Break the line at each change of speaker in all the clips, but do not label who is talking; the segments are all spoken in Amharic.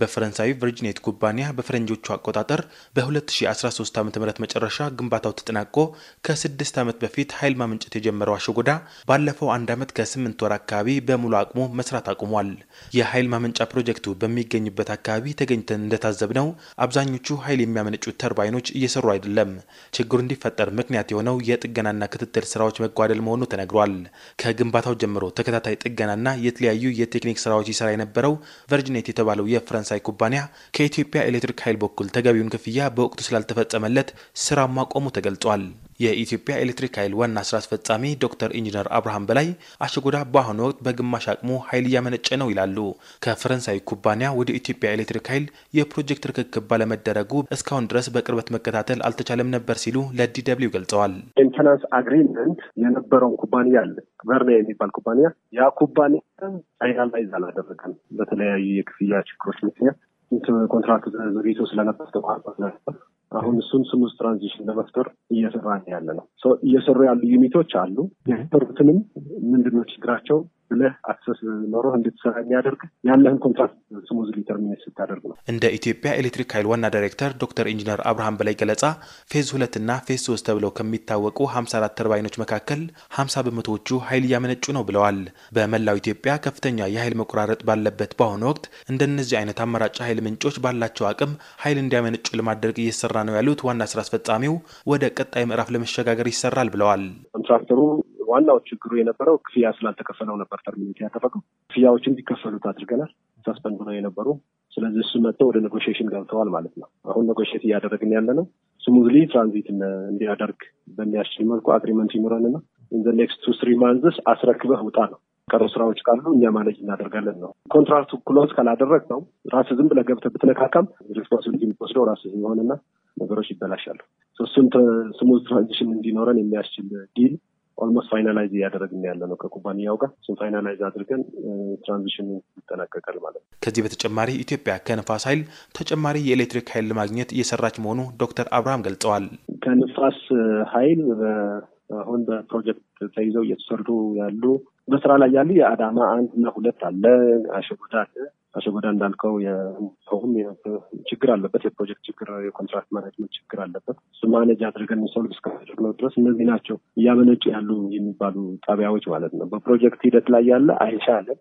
በፈረንሳዊ ቨርጂኔት ኩባንያ በፈረንጆቹ አቆጣጠር በ2013 ዓ ም መጨረሻ ግንባታው ተጠናቆ ከስድስት ዓመት በፊት ኃይል ማመንጨት የጀመረው አሸጎዳ ባለፈው አንድ ዓመት ከስምንት ወር አካባቢ በሙሉ አቅሙ መስራት አቁሟል። የኃይል ማመንጫ ፕሮጀክቱ በሚገኝበት አካባቢ ተገኝተን እንደታዘብነው አብዛኞቹ ኃይል የሚያመነጩት ተርባይኖች እየሰሩ አይደለም። ችግሩ እንዲፈጠር ምክንያት የሆነው የጥገናና ክትትል ስራዎች መጓደል መሆኑ ተነግሯል። ከግንባታው ጀምሮ ተከታታይ ጥገናና የተለያዩ የቴክኒክ ስራዎች ይሰራ የነበረው ቨርጂኔት የተባለው የፈረንሳይ የፈረንሳይ ኩባንያ ከኢትዮጵያ ኤሌክትሪክ ኃይል በኩል ተገቢውን ክፍያ በወቅቱ ስላልተፈጸመለት ስራ ማቆሙ ተገልጿል። የኢትዮጵያ ኤሌክትሪክ ኃይል ዋና ስራ አስፈጻሚ ዶክተር ኢንጂነር አብርሃም በላይ አሸጎዳ በአሁኑ ወቅት በግማሽ አቅሙ ኃይል እያመነጨ ነው ይላሉ። ከፈረንሳዊ ኩባንያ ወደ ኢትዮጵያ ኤሌክትሪክ ኃይል የፕሮጀክት ርክክብ ባለመደረጉ እስካሁን ድረስ በቅርበት መከታተል አልተቻለም ነበር ሲሉ ለዲደብሊው ገልጸዋል።
ኢንተናንስ አግሪመንት የነበረውን ኩባንያ አለ ቨርና የሚባል ኩባንያ ያ ኩባንያ ፋይናላይዝ አላደረገም። በተለያዩ የክፍያ ችግሮች ምክንያት ኮንትራክት ዘግይቶ ስለነበር ተቋርጦ ስለነበር አሁን እሱን ስሙዝ ትራንዚሽን ለመፍጠር እየሰራን ያለ ነው። እየሰሩ ያሉ ዩኒቶች አሉ። የሰሩትንም ምንድን ነው ችግራቸው ብለህ አክሰስ ኖሮህ እንድትሰራ የሚያደርግ ያለህን ኮንትራክት ስሙዝ ሊተርሚኔት ስታደርግ ነው።
እንደ ኢትዮጵያ ኤሌክትሪክ ኃይል ዋና ዳይሬክተር ዶክተር ኢንጂነር አብርሃም በላይ ገለጻ ፌዝ ሁለት እና ፌዝ ሶስት ተብለው ከሚታወቁ 54 ተርባይኖች መካከል 50 በመቶዎቹ ኃይል እያመነጩ ነው ብለዋል። በመላው ኢትዮጵያ ከፍተኛ የኃይል መቆራረጥ ባለበት በአሁኑ ወቅት እንደነዚህ አይነት አማራጭ ኃይል ምንጮች ባላቸው አቅም ኃይል እንዲያመነጩ ለማድረግ እየሰራ ነው ያሉት ዋና ስራ አስፈጻሚው ወደ ቀጣይ ምዕራፍ ለመሸጋገር ይሰራል ብለዋል።
ኮንትራክተሩ ዋናው ችግሩ የነበረው ክፍያ ስላልተከፈለው ነበር ተርሚኔት ያደረገው። ክፍያዎች እንዲከፈሉት አድርገናል ሳስፐንድ ብለው የነበሩ ስለዚህ እሱ መጥተው ወደ ኔጎሽሽን ገብተዋል ማለት ነው። አሁን ኔጎሽት እያደረግን ያለ ነው ስሙዝሊ ትራንዚት እንዲያደርግ በሚያስችል መልኩ አግሪመንት ይኖረንና ኢን ዘ ኔክስት ቱ ስሪ ማንዝስ አስረክበህ ውጣ ነው። ቀሩ ስራዎች ካሉ እኛ ማለጅ እናደርጋለን ነው። ኮንትራክቱ ክሎዝ ካላደረግ ነው ራስ ዝም ብለህ ገብተህ ብትነካካም ሪስፖንሲቢሊቲ የምትወስደው ራስህ ይሆንና ነገሮች ይበላሻሉ። እሱን ስሙዝ ትራንዚሽን እንዲኖረን የሚያስችል ዲል ኦልሞስት ፋይናላይዝ እያደረግን ያለ ነው ከኩባንያው ጋር እሱን ፋይናላይዝ አድርገን ትራንዚሽኑ ይጠናቀቃል ማለት
ነው። ከዚህ በተጨማሪ ኢትዮጵያ ከንፋስ ኃይል ተጨማሪ የኤሌክትሪክ ኃይል ለማግኘት እየሰራች መሆኑ ዶክተር አብርሃም ገልጸዋል።
ከንፋስ ኃይል አሁን በፕሮጀክት ተይዘው እየተሰሩ ያሉ በስራ ላይ ያሉ የአዳማ አንድ እና ሁለት አለ፣ አሸጎዳ አለ። አሸጎዳ እንዳልከው ችግር አለበት፣ የፕሮጀክት ችግር፣ የኮንትራክት ማናጅመንት ችግር አለበት። ማኔጅ አድርገን ሰልፍ እስካደረግነው ድረስ እነዚህ ናቸው እያመነጩ ያሉ የሚባሉ ጣቢያዎች ማለት ነው። በፕሮጀክት ሂደት ላይ ያለ አይሻ አለን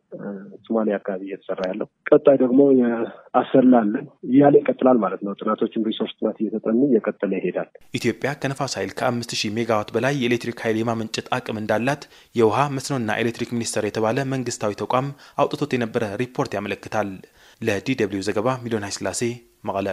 ሶማሌ አካባቢ እየተሰራ ያለው ቀጣይ ደግሞ የአሰላ አለን እያለ ይቀጥላል ማለት ነው። ጥናቶችን ሪሶርስ ጥናት እየተጠኑ እየቀጠለ ይሄዳል።
ኢትዮጵያ ከነፋስ ኃይል ከአምስት ሺህ ሜጋዋት በላይ የኤሌክትሪክ ኃይል የማመንጨት አቅም እንዳላት የውሃ መስኖና ኤሌክትሪክ ሚኒስቴር የተባለ መንግስታዊ ተቋም አውጥቶት የነበረ ሪፖርት ያመለክታል። ለዲ ደብልዩ ዘገባ ሚሊዮን ኃይለስላሴ መቀለ